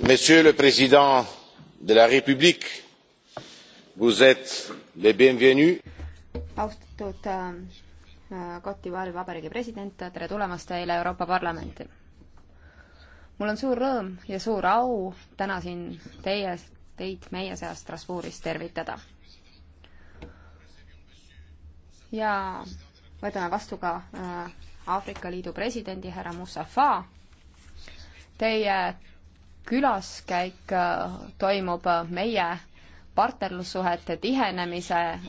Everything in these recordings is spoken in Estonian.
monsieur le président de la république vous êtes le bienvenu. austatud cote äh, d'ivoire'i vabariigi president tere tulemast teile euroopa parlamenti. mul on suur rõõm ja suur au täna siin teie teid meie seas Strasbourgis tervitada. ja võtame vastu ka äh, Aafrika Liidu presidendi härra Mustafa. Teie külaskäik äh, toimub äh, meie partnerlussuhete tihenemise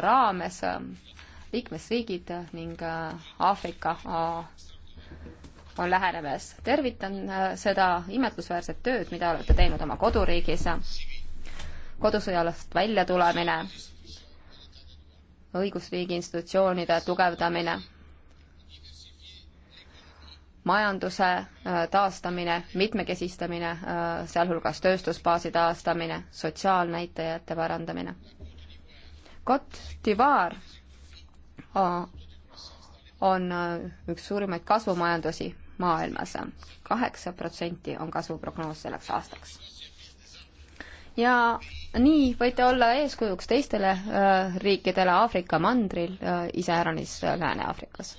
raames liikmesriigid ning Aafrika on lähenemas. tervitan äh, seda imetlusväärset tööd, mida olete teinud oma koduriigis, kodusõjalast väljatulemine, õigusriigi institutsioonide tugevdamine, majanduse äh, taastamine, mitmekesistamine, äh, sealhulgas tööstusbaasi taastamine, sotsiaalnäitajate parandamine. Cote d'Ivoire on üks suurimaid kasvumajandusi maailmas. kaheksa protsenti on kasvuprognoos selleks aastaks. ja nii võite olla eeskujuks teistele äh, riikidele Aafrika mandril, äh, iseäranis äh, Lääne-Aafrikas.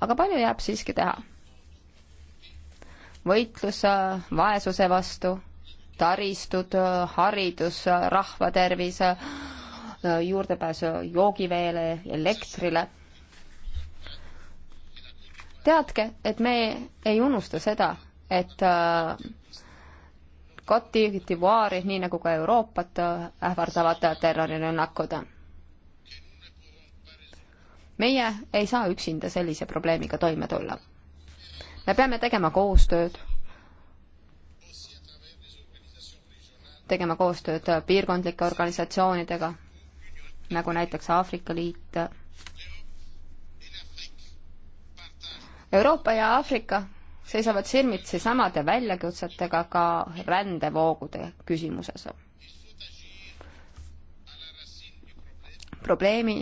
aga palju jääb siiski teha? võitlus vaesuse vastu, taristud, haridus, rahvatervis, juurdepääs joogiveele, elektrile teadke, et me ei unusta seda, et Koti, äh, Divoari, nii nagu ka Euroopat äh, ähvardavad terrorirünnakud. meie ei saa üksinda sellise probleemiga toime tulla. me peame tegema koostööd, tegema koostööd piirkondlike organisatsioonidega, nagu näiteks Aafrika Liit Euroopa ja Aafrika seisavad silmitsi samade väljakutsetega ka rändevoogude küsimuses. probleemi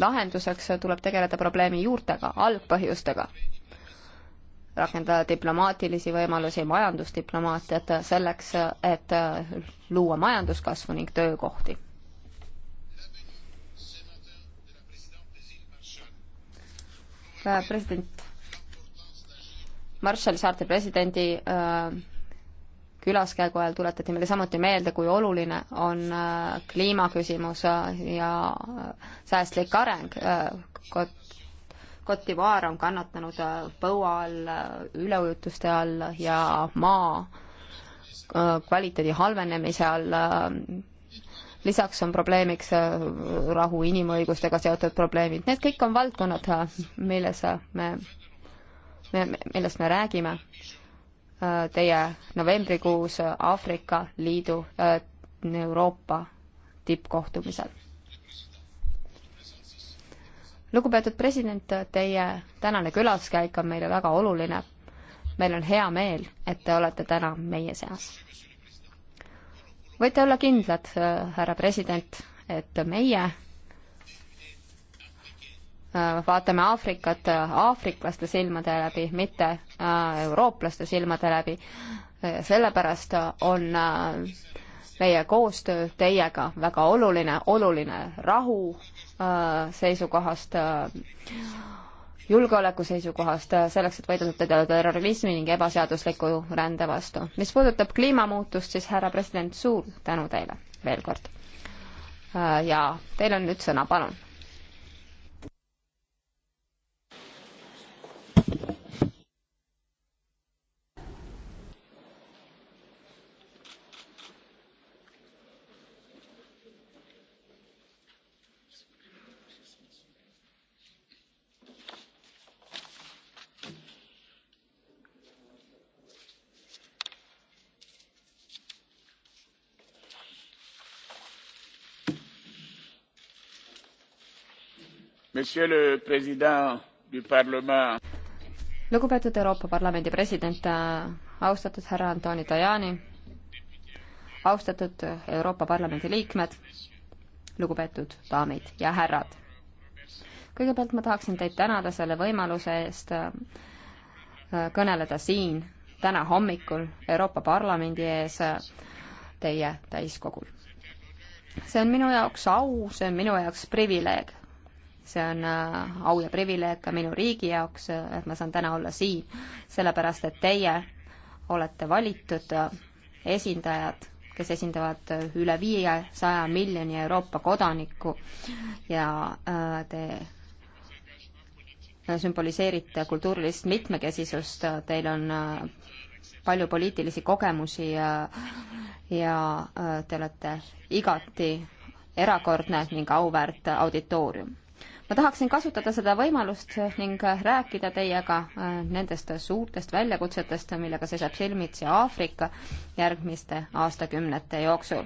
lahenduseks tuleb tegeleda probleemi juurtega, algpõhjustega. rakendada diplomaatilisi võimalusi, majandusdiplomaatiat selleks, et luua majanduskasvu ning töökohti. president Marshalli saarte presidendi äh, külaskäigu ajal tuletati meile samuti meelde, kui oluline on äh, kliimaküsimus äh, ja säästlik areng. Cote d'Ivoire on kannatanud põua all, üleujutuste all ja maa kvaliteedi halvenemise all. lisaks on probleemiks rahu, inimõigustega seotud probleemid, need kõik on valdkonnad, milles me millest me räägime, äh, teie novembrikuus Aafrika Liidu äh, Euroopa tippkohtumisel. lugupeetud president, teie tänane külaskäik on meile väga oluline. meil on hea meel, et te olete täna meie seas. võite olla kindlad, äh, härra president, et meie Äh, vaatame Aafrikat äh, aafriklaste silmade läbi, mitte äh, eurooplaste silmade läbi. sellepärast on meie koostöö teiega väga oluline, oluline rahu seisukohast, julgeoleku seisukohast, selleks, et võidelda terrorismi ning ebaseadusliku rände vastu. mis puudutab kliimamuutust, siis härra president, suur tänu teile veel kord. ja teil on nüüd sõna, palun lugupeetud Euroopa Parlamendi president, austatud härra Antoni Tajani, austatud Euroopa Parlamendi liikmed, lugupeetud daamid ja härrad. kõigepealt ma tahaksin teid tänada selle võimaluse eest äh, kõneleda siin täna hommikul Euroopa Parlamendi ees äh, teie täiskogul. see on minu jaoks au, see on minu jaoks privileeg see on äh, au ja privileeg ka minu riigi jaoks, äh, et ma saan täna olla siin, sellepärast et teie olete valitud äh, esindajad, kes esindavad üle viiesaja miljoni Euroopa kodanikku ja te sümboliseerite kultuurilist mitmekesisust, teil on palju poliitilisi kogemusi ja, ja te olete igati erakordne ning auväärt auditoorium ma tahaksin kasutada seda võimalust ning rääkida teiega äh, nendest suurtest väljakutsetest, millega seisab silmitsi Aafrika järgmiste aastakümnete jooksul.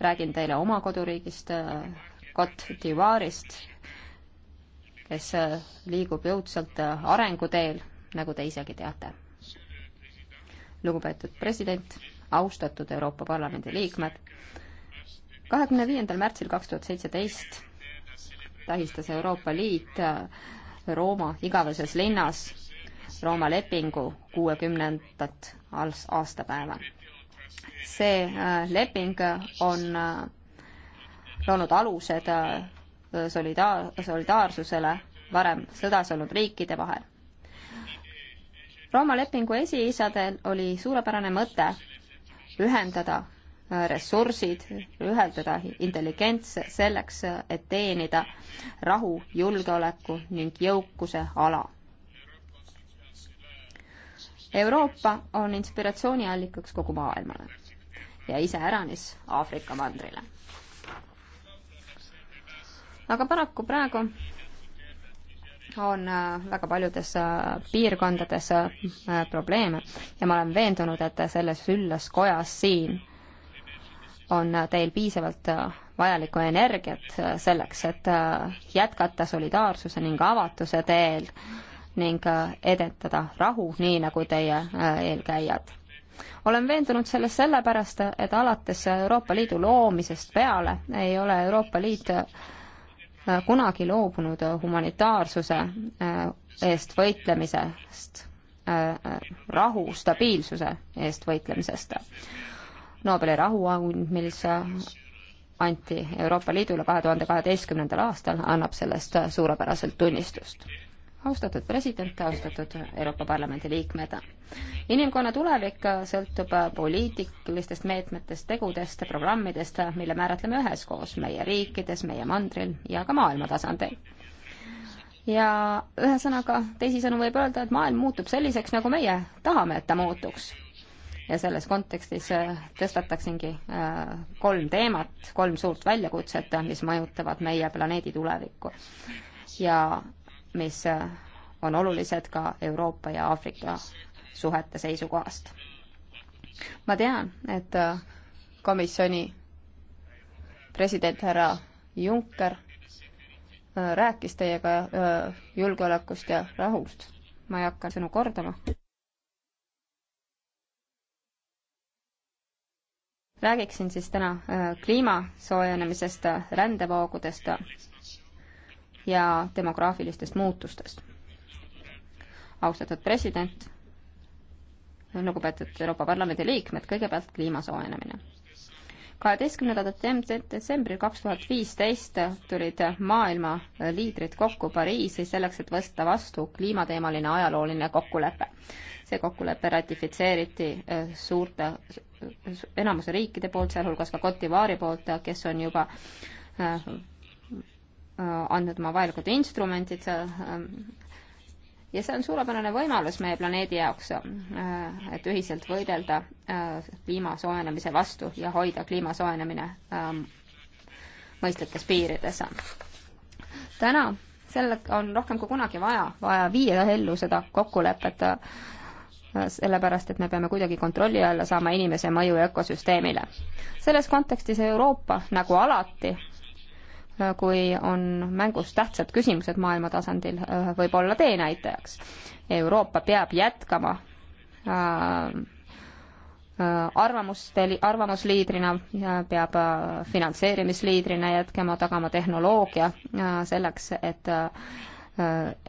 räägin teile oma koduriigist, äh, Cote d'Ivoire'ist, kes äh, liigub jõudsalt arenguteel, nagu te isegi teate. lugupeetud president, austatud Euroopa Parlamendi liikmed, kahekümne viiendal märtsil kaks tuhat seitseteist tähistas Euroopa Liit äh, Rooma igaveses linnas Rooma lepingu kuuekümnendat aastapäeva. see äh, leping on äh, loonud alused solidaar-, solidaarsusele varem sõdas olnud riikide vahel. Rooma lepingu esiisadel oli suurepärane mõte ühendada ressursid, ühendada intelligents selleks, et teenida rahu, julgeoleku ning jõukuse ala. Euroopa on inspiratsiooniallikaks kogu maailmale ja iseäranis Aafrika mandrile. aga paraku praegu on äh, väga paljudes äh, piirkondades äh, probleeme ja ma olen veendunud, et selles üllas kojas siin on teil piisavalt äh, vajalikku energiat äh, selleks, et äh, jätkata solidaarsuse ning avatuse teel ning edendada rahu, nii nagu teie eelkäijad. olen veendunud selles sellepärast, et alates Euroopa Liidu loomisest peale ei ole Euroopa Liit kunagi loobunud humanitaarsuse eest võitlemisest, rahu, stabiilsuse eest võitlemisest Nobeli rahuauhind, mis anti Euroopa Liidule kahe tuhande kaheteistkümnendal aastal, annab sellest suurepäraselt tunnistust. austatud president, austatud Euroopa Parlamendi liikmed, inimkonna tulevik sõltub poliitilistest meetmetest, tegudest, programmidest, mille määratleme üheskoos meie riikides, meie mandril ja ka maailma tasandil ja ühesõnaga, teisisõnu võib öelda, et maailm muutub selliseks, nagu meie tahame, et ta muutuks ja selles kontekstis äh, tõstataksingi äh, kolm teemat, kolm suurt väljakutset, äh, mis mõjutavad meie planeedi tulevikku ja mis on olulised ka Euroopa ja Aafrika suhete seisukohast. ma tean, et komisjoni president härra Juncker rääkis teiega julgeolekust ja rahust. ma ei hakka sõnu kordama räägiksin siis täna äh, kliima soojenemisest, äh, rändevoogudest ja demograafilistest muutustest. austatud president, lugupeetud Euroopa Parlamendi liikmed, kõigepealt kliima soojenemine kaheteistkümnendal detsembril kaks tuhat viisteist tulid maailma liidrid kokku Pariisi selleks, et võtta vastu kliimateemaline ajalooline kokkulepe. see kokkulepe ratifitseeriti äh, suurte, äh, enamuse riikide poolt, sealhulgas ka Cote d'Ivoire'i poolt, kes on juba äh, andnud oma vajalikud instrumendid ja see on suurepärane võimalus meie planeedi jaoks, äh, et ühiselt võidelda äh, kliima soojenemise vastu ja hoida kliima soojenemine ähm, mõistlikes piirides. täna selle on rohkem kui kunagi vaja, vaja viia ellu seda kokkulepet, äh, sellepärast et me peame kuidagi kontrolli alla saama inimese mõju ökosüsteemile. selles kontekstis Euroopa, nagu alati, kui on mängus tähtsad küsimused maailma tasandil, eh, võib olla teenäitajaks. Euroopa peab jätkama eh, eh, arvamuste, arvamusliidrina, peab finantseerimisliidrina jätkama, tagama tehnoloogia selleks, et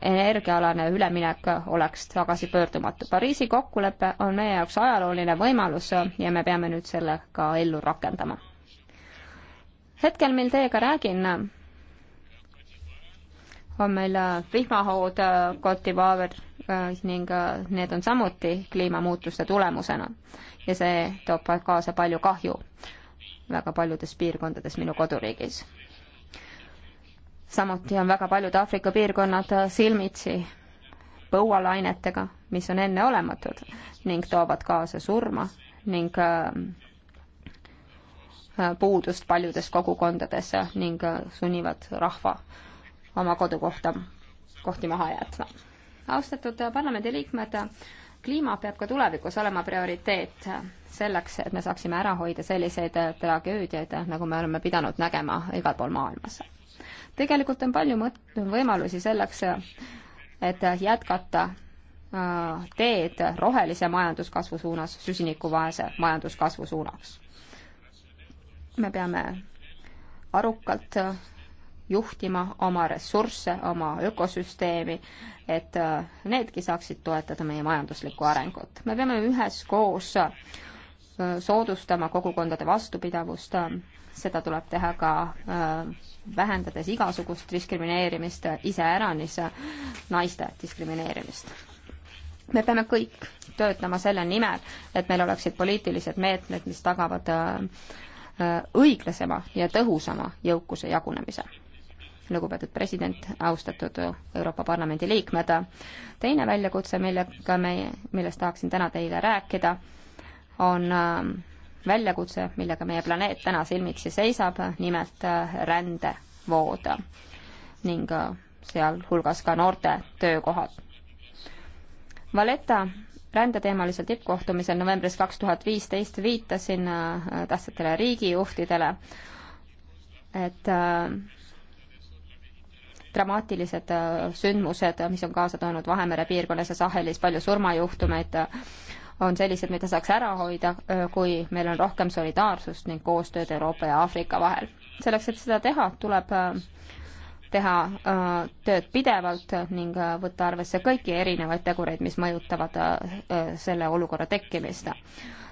energiaalane üleminek oleks tagasipöördumatu. Pariisi kokkulepe on meie jaoks ajalooline võimalus ja me peame nüüd selle ka ellu rakendama hetkel, mil teiega räägin, on meil äh, vihmahood Kotivaaver äh, äh, ning need on samuti kliimamuutuste tulemusena ja see toob kaasa palju kahju väga paljudes piirkondades minu koduriigis. samuti on väga paljud Aafrika piirkonnad silmitsi põualainetega, mis on enneolematud ning toovad kaasa surma ning Äh, puudust paljudes kogukondades ning äh, sunnivad rahva oma kodukohta, kohti maha jätma. austatud äh, parlamendiliikmed, kliima peab ka tulevikus olema prioriteet selleks, et me saaksime ära hoida selliseid tragöödiaid, nagu me oleme pidanud nägema igal pool maailmas. tegelikult on palju mõt-, võimalusi selleks, et jätkata teed rohelise majanduskasvu suunas, süsinikuvaese majanduskasvu suunaks me peame arukalt juhtima oma ressursse, oma ökosüsteemi, et needki saaksid toetada meie majanduslikku arengut. me peame üheskoos äh, soodustama kogukondade vastupidavust, seda tuleb teha ka äh, vähendades igasugust diskrimineerimist, iseäranis äh, naiste diskrimineerimist. me peame kõik töötama selle nimel, et meil oleksid poliitilised meetmed, mis tagavad äh, Äh, õiglasema ja tõhusama jõukuse jagunemise. lugupeetud president, austatud Euroopa Parlamendi liikmed, teine väljakutse, millega me, millest tahaksin täna teile rääkida, on äh, väljakutse, millega meie planeet täna silmitsi seisab, nimelt äh, rändevood ning sealhulgas ka noorte töökohad. Valeta rändeteemalisel tippkohtumisel novembris kaks tuhat viisteist viitasin äh, tähtsatele riigijuhtidele, et äh, dramaatilised äh, sündmused, mis on kaasa toonud Vahemere piirkonnas ja Sahelis palju surmajuhtumeid, on sellised, mida saaks ära hoida, kui meil on rohkem solidaarsust ning koostööd Euroopa ja Aafrika vahel. selleks, et seda teha, tuleb teha äh, tööd pidevalt ning äh, võtta arvesse kõiki erinevaid tegureid, mis mõjutavad äh, selle olukorra tekkimist.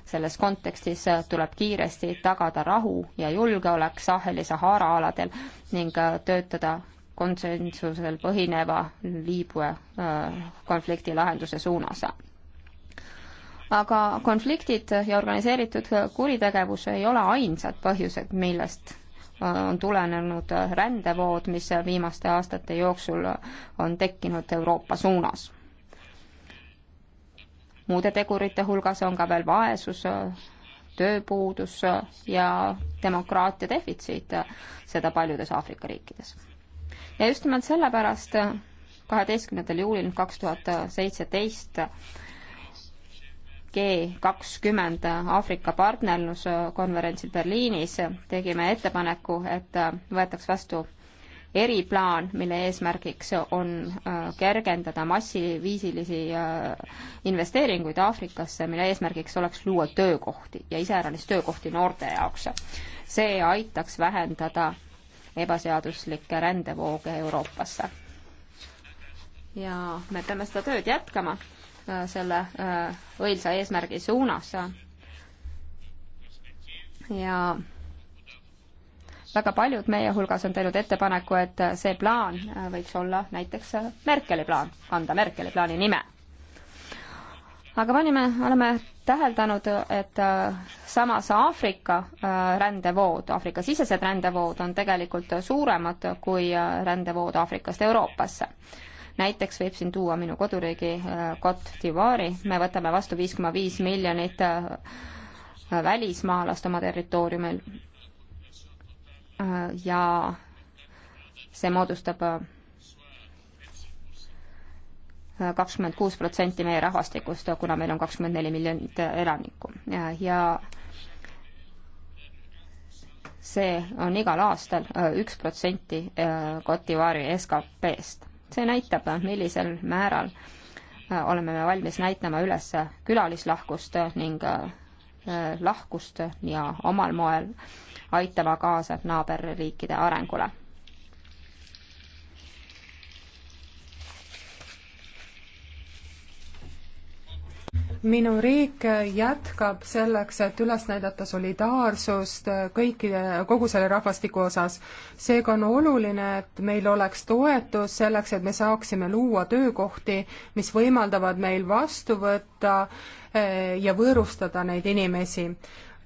selles kontekstis tuleb kiiresti tagada rahu ja julgeolek Saheli-Sahara aladel ning töötada konsensusel põhineva Liibüa konflikti lahenduse suunas aga konfliktid ja organiseeritud kuritegevus ei ole ainsad põhjused, millest on tulenenud rändevood, mis viimaste aastate jooksul on tekkinud Euroopa suunas. muude tegurite hulgas on ka veel vaesus, tööpuudus ja demokraatia defitsiit, seda paljudes Aafrika riikides. ja just nimelt sellepärast kaheteistkümnendal juulil kaks tuhat seitseteist G kakskümmend Aafrika partnerluskonverentsil Berliinis tegime ettepaneku, et võetaks vastu eriplaan, mille eesmärgiks on äh, kergendada massiviisilisi äh, investeeringuid Aafrikasse, mille eesmärgiks oleks luua töökohti ja iseäranis töökohti noorte jaoks. see aitaks vähendada ebaseaduslikke rändevooge Euroopasse. ja me peame seda tööd jätkama Äh, selle äh, õilsa eesmärgi suunas. ja väga paljud meie hulgas on teinud ettepaneku, et see plaan äh, võiks olla näiteks Merkeli plaan, kanda Merkeli plaani nime. aga panime, oleme täheldanud, et samas Aafrika rändevood, Aafrika-sisesed rändevood on tegelikult suuremad kui rändevood Aafrikast Euroopasse näiteks võib siin tuua minu koduriigi äh, Cote d'Ivoire'i, me võtame vastu viis koma viis miljonit äh, välismaalast oma territooriumil äh, ja see moodustab kakskümmend kuus protsenti meie rahvastikust, kuna meil on kakskümmend neli miljonit elanikku ja see on igal aastal üks protsenti Cote d'Ivoire'i SKP-st see näitab, millisel määral äh, oleme me valmis näitama üles külalislahkust ning äh, lahkust ja omal moel aitama kaasa naaberriikide arengule minu riik jätkab selleks, et üles näidata solidaarsust kõikide, kogu selle rahvastiku osas. seega on oluline, et meil oleks toetus selleks, et me saaksime luua töökohti, mis võimaldavad meil vastu võtta eh, ja võõrustada neid inimesi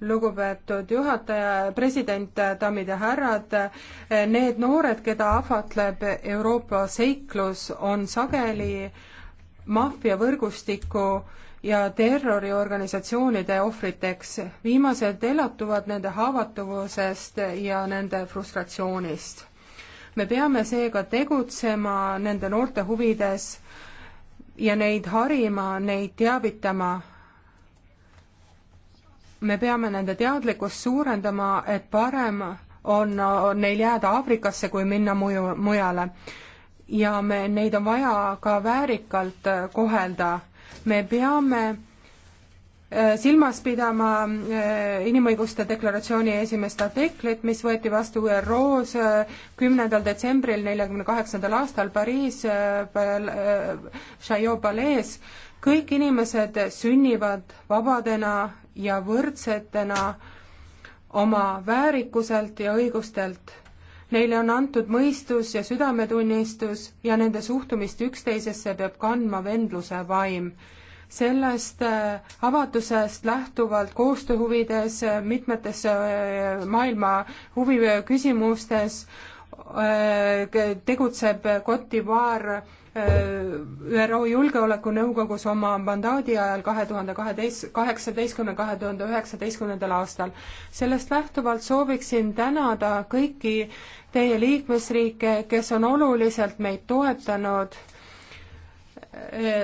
lugupeetud juhataja, president, daamid ja härrad, eh, need noored, keda ahvatleb Euroopa seiklus, on sageli maffiavõrgustiku äh, ja terroriorganisatsioonide ohvriteks. viimased elatuvad nende haavatavusest ja nende frustratsioonist. me peame seega tegutsema nende noorte huvides ja neid harima, neid teavitama me peame nende teadlikkust suurendama, et parem on, on neil jääda Aafrikasse, kui minna muju, mujale. ja me, neid on vaja ka väärikalt kohelda me peame äh, silmas pidama äh, inimõiguste deklaratsiooni esimest artiklit, mis võeti vastu ÜRO-s äh, kümnendal detsembril neljakümne kaheksandal aastal Pariis Chaillot palees. kõik inimesed sünnivad vabadena ja võrdsetena oma väärikuselt ja õigustelt Neile on antud mõistus ja südametunnistus ja nende suhtumist üksteisesse peab kandma vendluse vaim. sellest äh, avatusest lähtuvalt koostööhuvides äh, mitmetes äh, maailma huviküsimustes tegutseb Cote d'Ivoire Äh, ÜRO Julgeolekunõukogus oma mandaadi ajal kahe tuhande kaheteist, kaheksateistkümne, kahe tuhande üheksateistkümnendal aastal. sellest lähtuvalt sooviksin tänada kõiki teie liikmesriike, kes on oluliselt meid toetanud äh,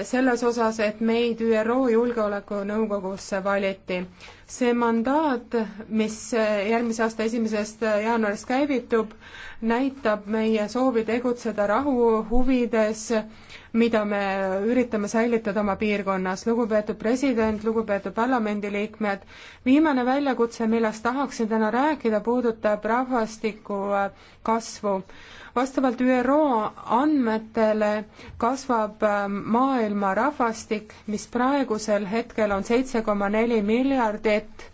selles osas, et meid ÜRO Julgeolekunõukogusse valiti. see mandaat, mis järgmise aasta esimesest jaanuarist käivitub, näitab meie soovi tegutseda rahu huvides mida me üritame säilitada oma piirkonnas. lugupeetud president, lugupeetud parlamendiliikmed, viimane väljakutse, millest tahaksin täna rääkida, puudutab rahvastiku äh, kasvu. vastavalt ÜRO andmetele kasvab äh, maailma rahvastik, mis praegusel hetkel on seitse koma neli miljardit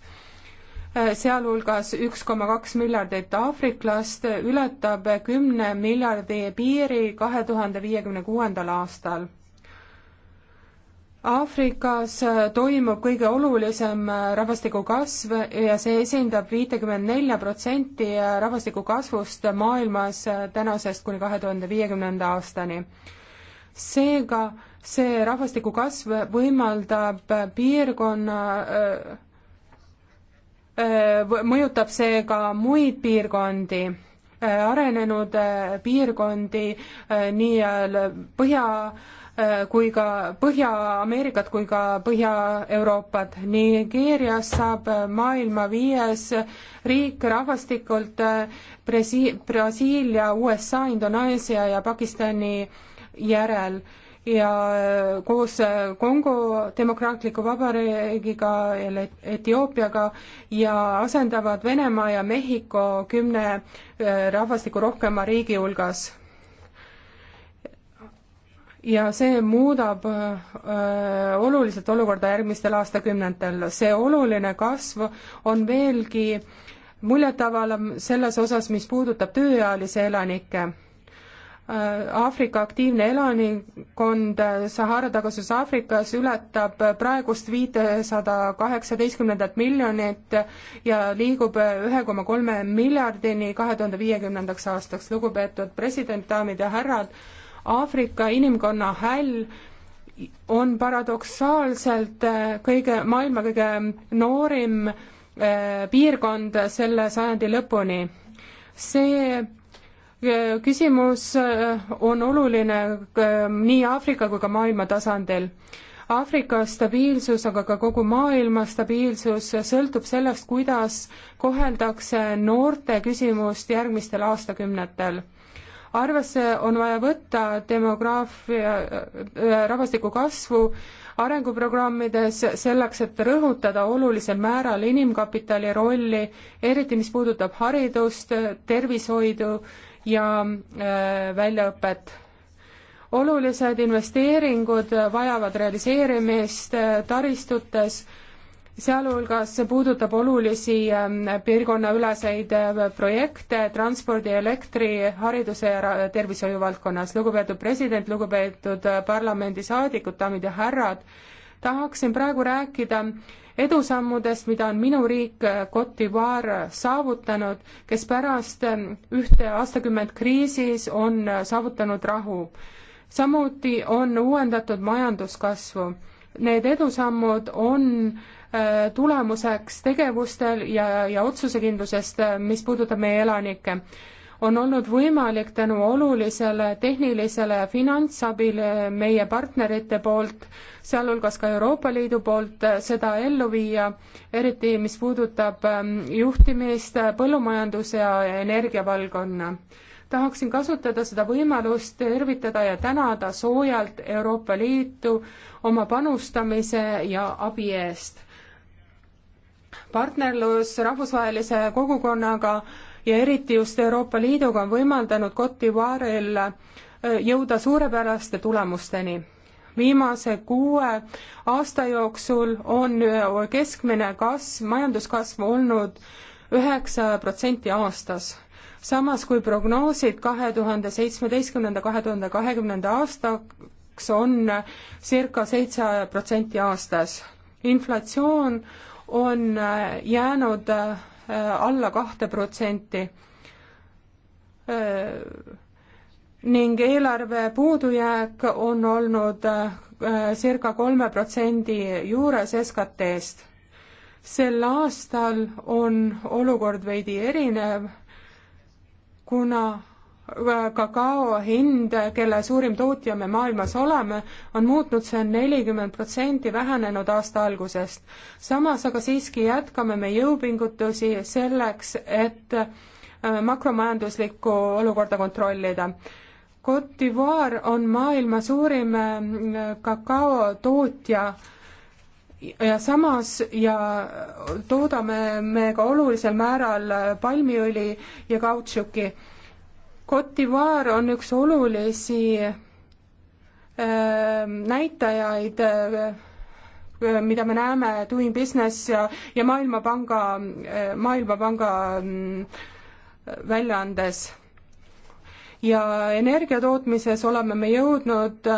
Äh, sealhulgas üks koma kaks miljardit aafriklast, ületab kümne miljardi piiri kahe tuhande viiekümne kuuendal aastal. Aafrikas äh, toimub kõige olulisem äh, rahvastiku kasv ja see esindab viitekümmet nelja protsenti rahvastiku kasvust maailmas tänasest kuni kahe tuhande viiekümnenda aastani. seega see rahvastiku kasv võimaldab piirkonna mõjutab see ka muid piirkondi, arenenud piirkondi, nii Põhja kui ka Põhja-Ameerikat kui ka Põhja-Euroopat. Nigeerias saab maailma viies riik rahvastikult Brasi-, Brasiilia, USA, Indoneesia ja Pakistani järel ja äh, koos äh, Kongo Demokraatliku Vabariigiga ja Etioopiaga ja asendavad Venemaa ja Mehhiko kümne äh, rahvastiku rohkema riigi hulgas ja see muudab öö, oluliselt olukorda järgmistel aastakümnetel. see oluline kasv on veelgi muljetavalem selles osas, mis puudutab tööealisi elanikke Aafrika aktiivne elanikkond Sahara taguses Aafrikas ületab praegust viitesada kaheksateistkümnendat miljonit ja liigub ühe koma kolme miljardini kahe tuhande viiekümnendaks aastaks. lugupeetud president, daamid ja härrad, Aafrika inimkonna häll on paradoksaalselt äh, kõige, maailma kõige noorim äh, piirkond selle sajandi lõpuni. see küsimus äh, on oluline äh, nii Aafrika kui ka maailma tasandil. Aafrika stabiilsus, aga ka kogu maailma stabiilsus sõltub sellest, kuidas koheldakse noorte küsimust järgmistel aastakümnetel. arvesse on vaja võtta demograafia, äh, rahvastiku kasvu arenguprogrammides selleks, et rõhutada olulisel määral inimkapitali rolli, eriti mis puudutab haridust, tervishoidu ja äh, väljaõpet. olulised investeeringud vajavad realiseerimist äh, taristutes, sealhulgas see puudutab olulisi ähm, piirkonnaüleseid äh, projekte transpordi, elektri, hariduse ja tervishoiu valdkonnas. lugupeetud president, lugupeetud parlamendisaadikud, daamid ja härrad, tahaksin praegu rääkida edusammudest, mida on minu riik äh, Cote d'Ivoire äh, saavutanud, kes pärast äh, ühte aastakümmet kriisis on saavutanud rahu. samuti on uuendatud majanduskasvu. Need edusammud on tulemuseks tegevustel ja, ja otsusekindlusest, mis puudutab meie elanikke on olnud võimalik tänu olulisele tehnilisele finantsabile meie partnerite poolt, sealhulgas ka Euroopa Liidu poolt, seda ellu viia, eriti mis puudutab ähm, juhtimist põllumajandus- ja energiavaldkonna. tahaksin kasutada seda võimalust tervitada ja tänada soojalt Euroopa Liitu oma panustamise ja abi eest partnerlus rahvusvahelise kogukonnaga ja eriti just Euroopa Liiduga on võimaldanud Cote d'Ivoire'il äh, jõuda suurepäraste tulemusteni. viimase kuue aasta jooksul on äh, keskmine kasv, majanduskasv olnud üheksa protsenti aastas. samas kui prognoosid kahe tuhande seitsmeteistkümnenda, kahe tuhande kahekümnenda aastaks on äh, circa seitse protsenti aastas. inflatsioon on jäänud Äh, alla kahte protsenti äh, ning eelarve puudujääk on olnud äh, circa kolme protsendi juures SKT-st. sel aastal on olukord veidi erinev, kuna kakao hind, kelle suurim tootja me maailmas oleme, on muutnud, see on nelikümmend protsenti vähenenud aasta algusest. samas aga siiski jätkame me jõupingutusi selleks, et äh, makromajanduslikku olukorda kontrollida. Cote d'Ivoire on maailma suurim äh, kakaotootja ja samas ja toodame me ka olulisel määral palmiõli ja kautšuki Cote d'Ivoire on üks olulisi äh, näitajaid, äh, mida me näeme Doing Business ja, ja Maailmapanga, äh, Maailmapanga mm, väljaandes. ja energiatootmises oleme me jõudnud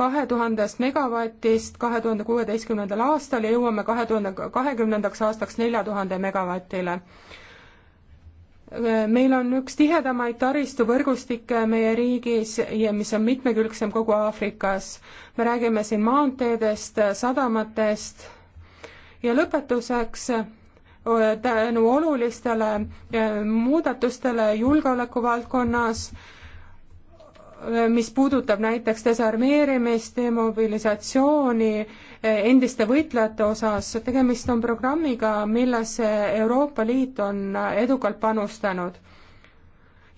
kahe tuhandest megavatist kahe tuhande kuueteistkümnendal aastal ja jõuame kahe tuhande kahekümnendaks aastaks nelja tuhande megavatile meil on üks tihedamaid taristuvõrgustikke meie riigis ja mis on mitmekülgsem kogu Aafrikas. me räägime siin maanteedest, sadamatest ja lõpetuseks tänu olulistele eh, muudatustele julgeoleku valdkonnas mis puudutab näiteks desarmeerimist, demobilisatsiooni eh, endiste võitlejate osas, tegemist on programmiga, millesse Euroopa Liit on edukalt panustanud.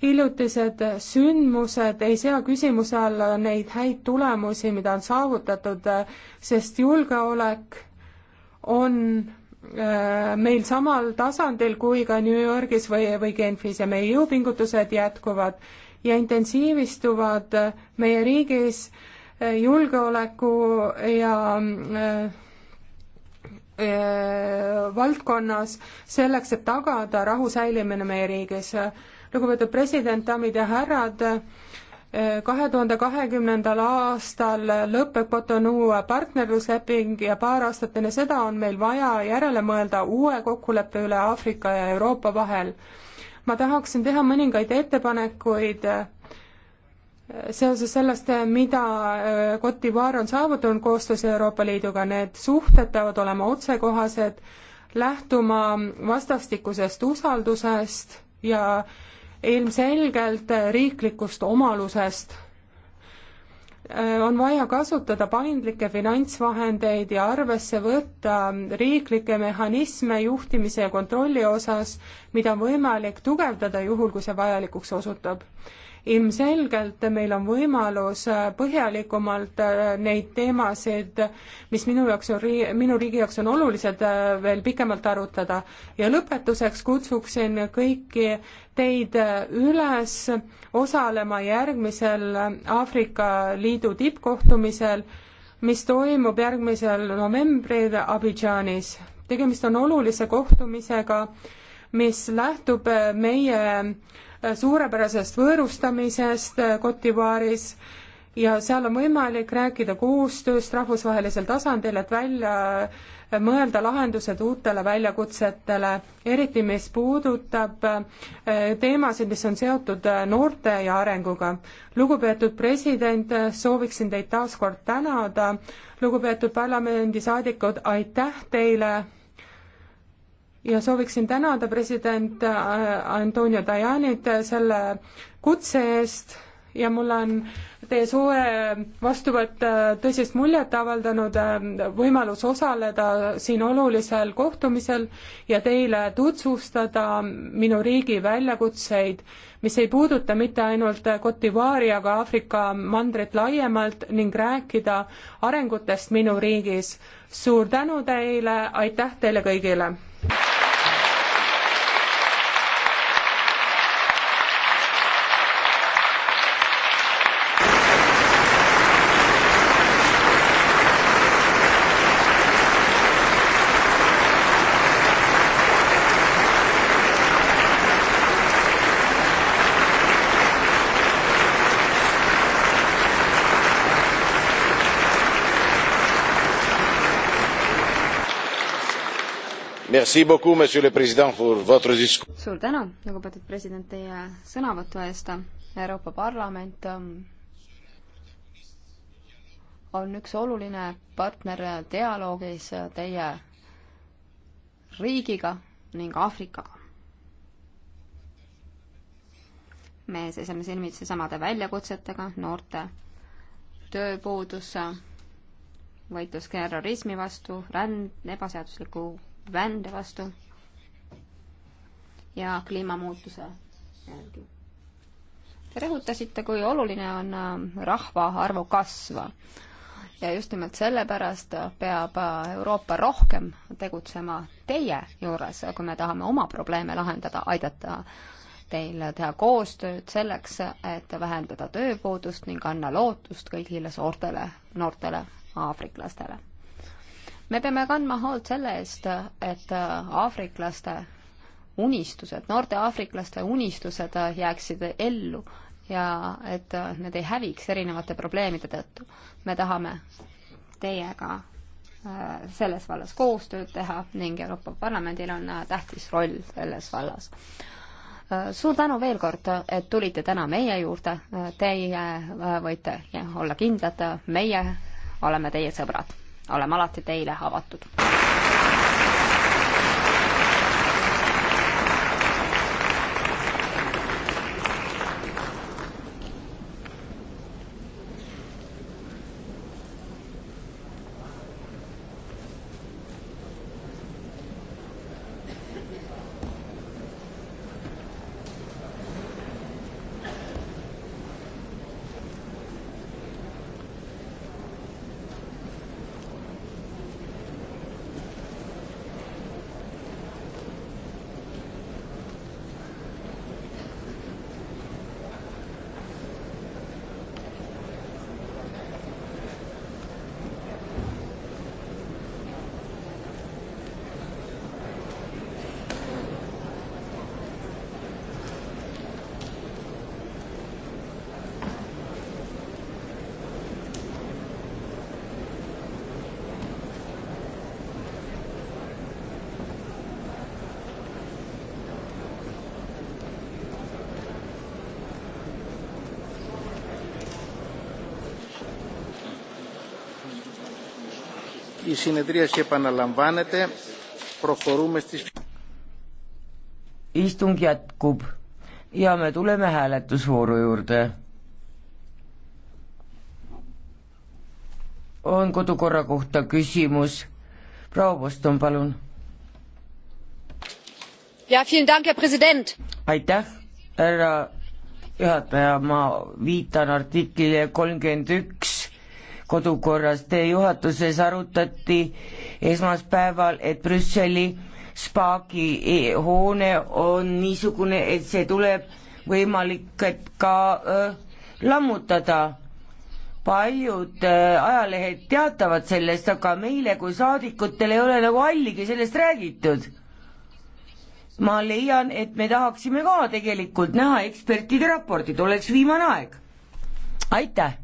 hiljutised sündmused ei sea küsimuse alla neid häid tulemusi, mida on saavutatud, eh, sest julgeolek on eh, meil samal tasandil kui ka New Yorgis või, või Genfis ja meie jõupingutused jätkuvad ja intensiivistuvad meie riigis eh, julgeoleku ja eh, eh, valdkonnas selleks, et tagada rahu säilimine meie riigis. lugupeetud president, daamid ja härrad, kahe tuhande kahekümnendal aastal lõpeb Cotonou partnerlusleping ja paar aastat enne seda on meil vaja järele mõelda uue kokkuleppe üle Aafrika ja Euroopa vahel ma tahaksin teha mõningaid ettepanekuid äh, seoses sellest, äh, mida äh, Cote d'Ivoire on saavutanud koostöös Euroopa Liiduga, need suhted peavad olema otsekohased, lähtuma vastastikusest usaldusest ja ilmselgelt riiklikust omalusest Äh, on vaja kasutada paindlikke finantsvahendeid ja arvesse võtta riiklikke mehhanisme juhtimise ja kontrolli osas, mida on võimalik tugevdada juhul, kui see vajalikuks osutub ilmselgelt meil on võimalus äh, põhjalikumalt äh, neid teemasid, mis minu jaoks on, minu riigi jaoks on olulised, äh, veel pikemalt arutada. ja lõpetuseks kutsuksin kõiki teid üles osalema järgmisel Aafrika Liidu tippkohtumisel, mis toimub järgmisel novembril Abidžaanis. tegemist on olulise kohtumisega, mis lähtub meie suurepärasest võõrustamisest Cote d'Ivoire'is ja seal on võimalik rääkida koostööst rahvusvahelisel tasandil, et välja mõelda lahendused uutele väljakutsetele, eriti mis puudutab eh, teemasid, mis on seotud eh, noorte ja arenguga. lugupeetud president, eh, sooviksin teid taas kord tänada, lugupeetud parlamendisaadikud, aitäh teile ja sooviksin tänada president äh, Antonio Tajanit selle kutse eest ja mul on teie suure vastuvõtt äh, tõsist muljet avaldanud äh, võimalus osaleda siin olulisel kohtumisel ja teile tutvustada minu riigi väljakutseid, mis ei puuduta mitte ainult Cote d'Ivoire'i, aga Aafrika mandrit laiemalt ning rääkida arengutest minu riigis. suur tänu teile, aitäh teile kõigile! suur tänu lugupeetud president teie sõnavõtu eest euroopa parlament ähm, on üks oluline partner dialoogis teie riigiga ning aafrikaga me seisame silmitsi samade väljakutsetega noorte tööpuudus võitlus terrorismi vastu ränd ebaseadusliku vände vastu ja kliimamuutuse järgi. Te rõhutasite, kui oluline on äh, rahvaarvu kasv ja just nimelt sellepärast peab äh, Euroopa rohkem tegutsema teie juures, kui me tahame oma probleeme lahendada, aidata teil teha koostööd selleks, et vähendada tööpuudust ning anda lootust kõigile soortele, noortele aafriklastele me peame kandma hoolt selle eest, et äh, aafriklaste unistused, noorte aafriklaste unistused äh, jääksid ellu ja et äh, need ei häviks erinevate probleemide tõttu. me tahame teiega selles vallas koostööd teha ning Euroopa Parlamendil on tähtis roll selles vallas. suur tänu veel kord, et tulite täna meie juurde, teie võite olla kindlad, meie oleme teie sõbrad oleme alati teile avatud. Η συνεδρίαση επαναλαμβάνεται. Προχωρούμε στις... Istung jätkub ja me tuleme hääletusvooru juurde. on kodukorra kohta küsimus. proua Poston, palun. aitäh, härra juhataja, ma viitan artiklile kolmkümmend üks kodukorras. Teie juhatuses arutati esmaspäeval, et Brüsseli spaagi e, hoone on niisugune, et see tuleb võimalik, et ka äh, lammutada. paljud äh, ajalehed teatavad sellest, aga meile kui saadikutele ei ole nagu halligi sellest räägitud. ma leian, et me tahaksime ka tegelikult näha ekspertide raportid, oleks viimane aeg. aitäh